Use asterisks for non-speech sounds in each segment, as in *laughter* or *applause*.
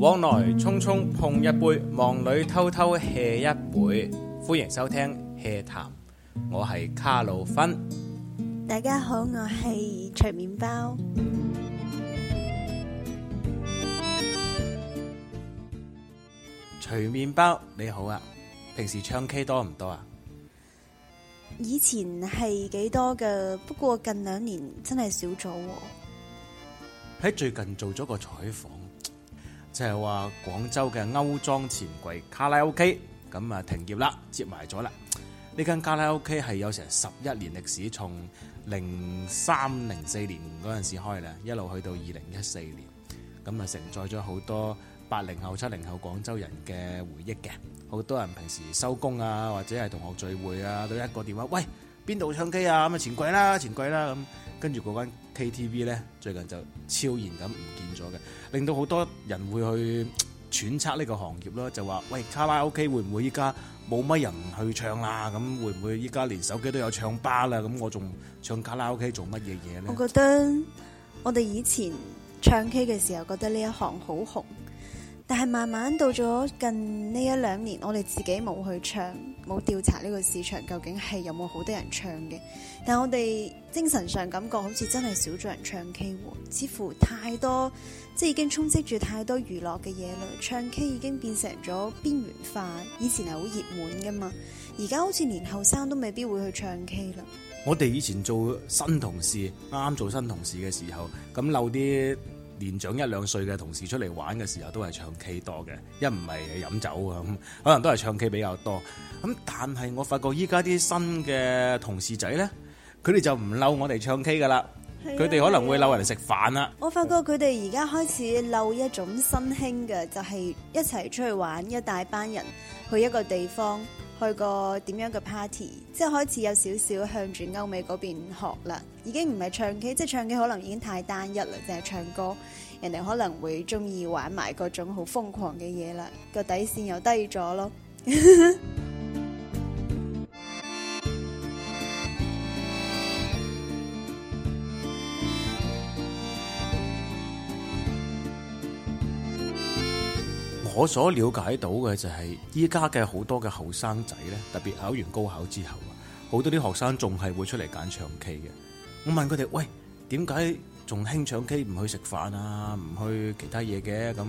往來匆匆碰一杯，忙裏偷偷 HEA 一杯。歡迎收聽《HEA 談》，我係卡路芬。大家好，我係脆麵包。隨麵包你好啊，平時唱 K 多唔多啊？以前係幾多噶，不過近兩年真係少咗。哦。喺最近做咗個採訪，就係話廣州嘅區莊錢櫃卡拉 OK 咁啊停業啦，執笠咗啦。呢間卡拉 OK 係有成十一年歷史，從零三零四年嗰陣時開啦，一路去到二零一四年，咁啊承載咗好多。八零後、七零後廣州人嘅回憶嘅，好多人平時收工啊，或者係同學聚會啊，都一個電話，喂，邊度唱 K 啊？咁、嗯、啊，錢櫃啦，錢櫃啦咁。跟住嗰間 KTV 呢，最近就悄然咁唔見咗嘅，令到好多人會去揣測呢個行業咯，就話喂，卡拉 OK 會唔會依家冇乜人去唱啦，啊？咁會唔會依家連手機都有唱吧啦？咁我仲唱卡拉 OK 做乜嘢嘢呢？」我覺得我哋以前唱 K 嘅時候，覺得呢一行好紅。但係慢慢到咗近呢一兩年，我哋自己冇去唱，冇調查呢個市場究竟係有冇好多人唱嘅。但係我哋精神上感覺好似真係少咗人唱 K，似乎太多即係已經充斥住太多娛樂嘅嘢啦。唱 K 已經變成咗邊緣化，以前係好熱門㗎嘛，而家好似連後生都未必會去唱 K 啦。我哋以前做新同事，啱啱做新同事嘅時候，咁漏啲。年長一兩歲嘅同事出嚟玩嘅時候，都係唱 K 多嘅，一唔係飲酒咁，可能都係唱 K 比較多。咁但係我發覺依家啲新嘅同事仔呢，佢哋就唔嬲我哋唱 K 㗎喇，佢哋、啊啊、可能會嬲人哋食飯啦。啊啊、我發覺佢哋而家開始嬲一種新興嘅，就係、是、一齊出去玩，一大班人去一個地方。去過點樣嘅 party，即係開始有少少向住歐美嗰邊學啦，已經唔係唱 K，即係唱 K 可能已經太單一啦，淨係唱歌，人哋可能會中意玩埋各種好瘋狂嘅嘢啦，個底線又低咗咯。 *laughs* 我所了解到嘅就係依家嘅好多嘅後生仔呢特別考完高考之後啊，好多啲學生仲係會出嚟揀唱 K 嘅。我問佢哋：喂，點解仲興唱 K 唔去食飯啊？唔去其他嘢嘅咁？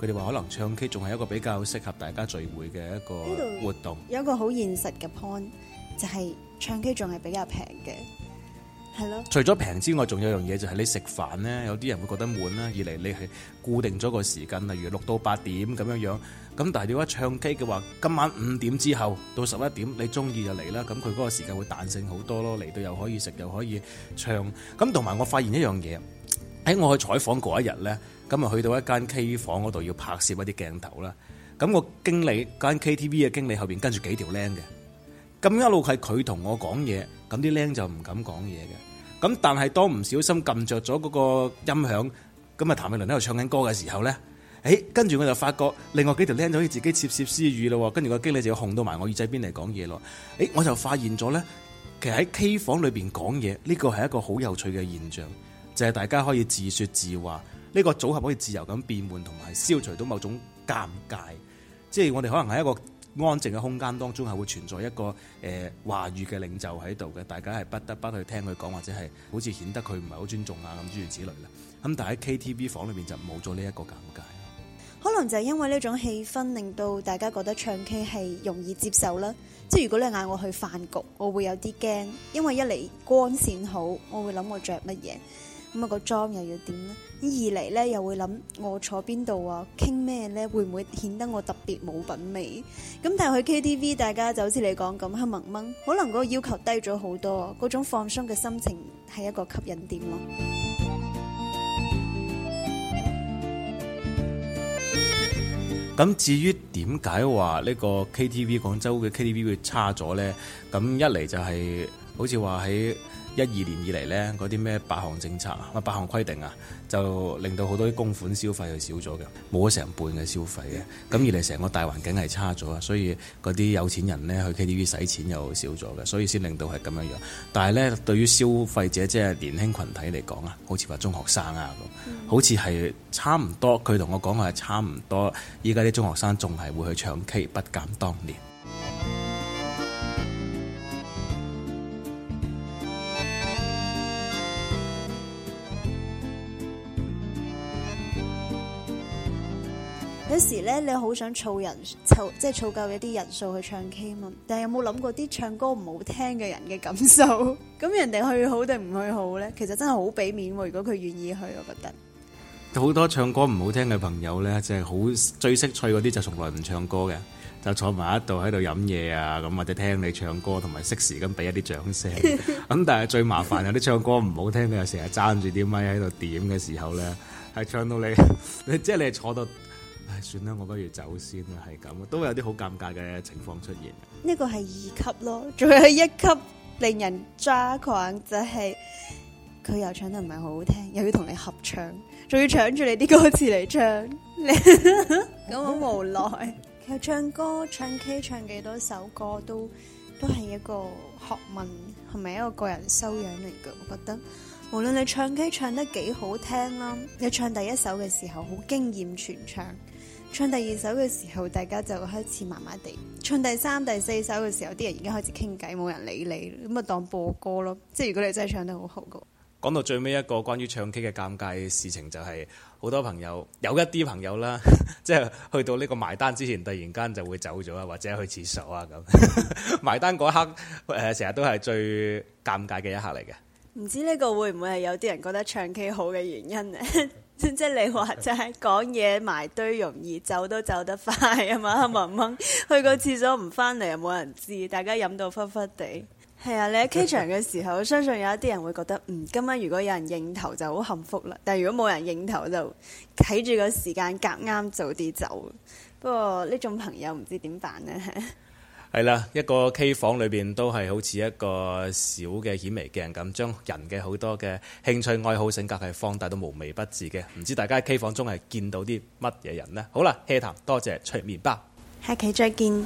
佢哋話可能唱 K 仲係一個比較適合大家聚會嘅一個活動。有一個好現實嘅 point，就係唱 K 仲係比較平嘅。除咗平之外，仲有樣嘢就係你食飯呢。有啲人會覺得悶啦。二嚟你係固定咗個時間，例如六到八點咁樣樣。咁但係如果唱 K 嘅話，今晚五點之後到十一點，你中意就嚟啦。咁佢嗰個時間會彈性好多咯，嚟到又可以食，又可以唱。咁同埋我發現一樣嘢，喺我去採訪嗰一日呢，咁啊去到一間 K 房嗰度要拍攝一啲鏡頭啦。咁我經理間 KTV 嘅經理後邊跟住幾條靚嘅。咁一路係佢同我講嘢，咁啲僆就唔敢講嘢嘅。咁但係當唔小心撳着咗嗰個音響，咁啊譚詠麟喺度唱緊歌嘅時候咧，誒跟住我就發覺另外幾條僆就可以自己竊竊私語咯。跟住個經理就要控到埋我耳仔邊嚟講嘢咯。誒、欸、我就發現咗咧，其實喺 K 房裏邊講嘢呢個係一個好有趣嘅現象，就係、是、大家可以自説自話，呢、這個組合可以自由咁變換同埋消除到某種尷尬，即係我哋可能係一個。安靜嘅空間當中係會存在一個誒話語嘅領袖喺度嘅，大家係不得不去聽佢講，或者係好似顯得佢唔係好尊重啊咁諸如此類啦。咁但喺 KTV 房裏面就冇咗呢一個尷尬，可能就係因為呢種氣氛令到大家覺得唱 K 係容易接受啦。即係如果你嗌我去飯局，我會有啲驚，因為一嚟光線好，我會諗我着乜嘢。咁啊個妝又要點呢？二嚟呢，又會諗我坐邊度啊？傾咩呢？會唔會顯得我特別冇品味？咁但係去 KTV，大家就好似你講咁，黑蒙蒙，可能個要求低咗好多，嗰種放鬆嘅心情係一個吸引點咯。咁至於點解話呢個 KTV 廣州嘅 KTV 會差咗呢？咁一嚟就係、是、好似話喺一二年以嚟呢，嗰啲咩八項政策、八項規定啊，就令到好多啲公款消費又少咗嘅，冇咗成半嘅消費嘅。咁、嗯、而嚟成個大環境係差咗啊，所以嗰啲有錢人呢去 KTV 使錢又少咗嘅，所以先令到係咁樣樣。但係呢，對於消費者即係年輕群體嚟講啊，好似話中學生啊，嗯、好似係差唔多。佢同我講嘅係差唔多。依家啲中學生仲係會去唱 K，不減當年。有時咧，你好想湊人湊，即係湊夠一啲人數去唱 K 嘛？但係有冇諗過啲唱歌唔好聽嘅人嘅感受？咁 *laughs* 人哋去好定唔去好咧？其實真係好俾面喎！如果佢願意去，我覺得好多唱歌唔好聽嘅朋友咧，就係、是、好最識趣嗰啲，就從來唔唱歌嘅，就坐埋一度喺度飲嘢啊，咁或者聽你唱歌，同埋適時咁俾一啲掌聲。咁 *laughs* 但係最麻煩 *laughs* 有啲唱歌唔好聽嘅，又成日爭住啲咪喺度點嘅時候咧，係唱到你，即 *laughs* 係你係坐到。唉，算啦，我不如走先啦。係咁，都會有啲好尷尬嘅情況出現。呢個係二級咯，仲有一級令人抓狂，就係、是、佢又唱得唔係好好聽，又要同你合唱，仲要搶住你啲歌詞嚟唱，咁好 *laughs* *laughs* 無奈。其實 *laughs* 唱歌、唱 K、唱幾多首歌都都係一個學問，係咪一個個人修養嚟嘅？我覺得，無論你唱 K 唱得幾好聽啦，你唱第一首嘅時候好驚艷全場。唱第二首嘅時候，大家就開始麻麻地；唱第三、第四首嘅時候，啲人已經開始傾偈，冇人理你，咁啊當播歌咯。即係如果你真係唱得好好嘅。講到最尾一個關於唱 K 嘅尷尬事情，就是，就係好多朋友有一啲朋友啦， *laughs* 即係去到呢個埋單之前，突然間就會走咗啊，或者去廁所啊咁。 *laughs* 埋單嗰刻，成、呃、日都係最尷尬嘅一刻嚟嘅。唔知呢個會唔會係有啲人覺得唱 K 好嘅原因咧？ *laughs* 即即，你話齋，講嘢埋堆容易，走都走得快啊嘛，蒙蒙 *laughs* 去個廁所唔返嚟，又冇人知，大家飲到忽忽地。係 *laughs* 啊，你喺 K 場嘅時候，相信有一啲人會覺得，嗯，今晚如果有人應頭就好幸福啦。但係如果冇人應頭，就睇住個時間夾啱早啲走。不過呢種朋友唔知點辦呢。 *laughs* 係啦，一個 K 房裏邊都係好似一個小嘅顯微鏡咁，將人嘅好多嘅興趣、愛好、性格係放大到無微不至嘅。唔知大家喺 K 房中係見到啲乜嘢人呢？好啦，HEA 談，多謝出面包，下期再見。